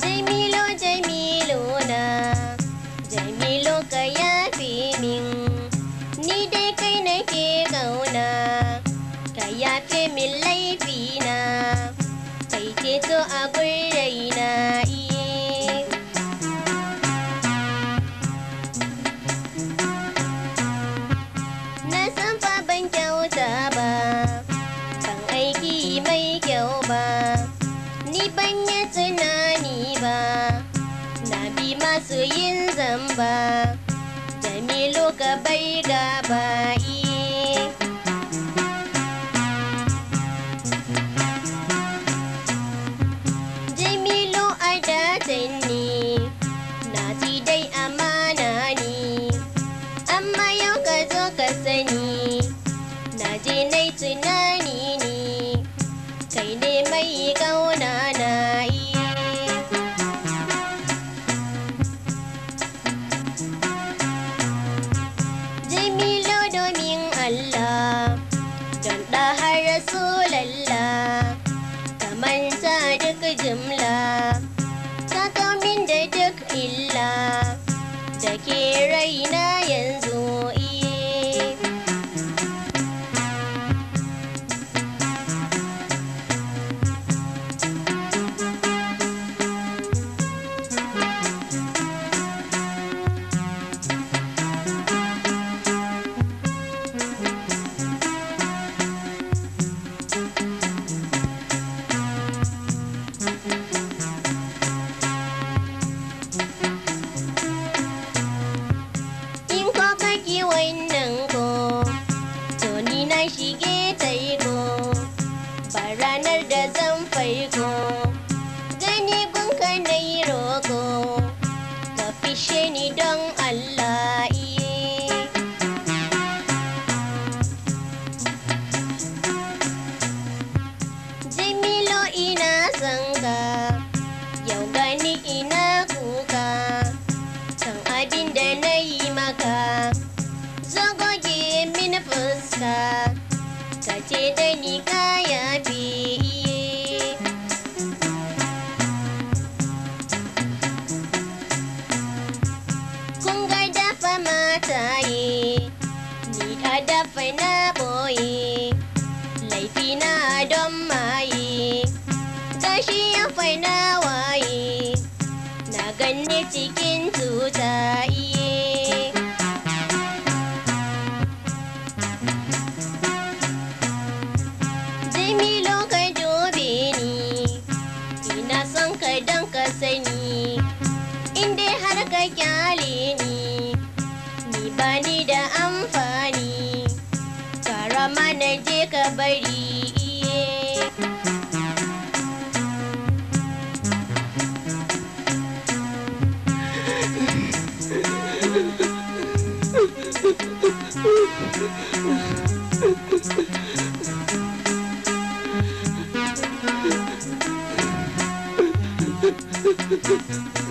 Jamilo Jamilo na Jamilo ka yafi min ni dai kai nake kauna kayafi min laifi na ke to a gurin ni ban yi tunani ba na bi masu yin zamba jamilu ka bai gaba jamilu a da ne na ti dai amana ne amma yau ka zo ka sani na je nai tunani ne kai ne mai gawa மழையின என்று na shige taiko ba ranar da zan faiko gani bunka na yi roko ka fishe ni don Allah iye jimilo ina zanga yau gani ina kuka kan abin da na yi littafai na boye laifina don maye tashi shi ya waye na ganni cikin tuta iye jimi lokacin dobe ni ina son ka don ka sani inda har ka kyale ni Thank you.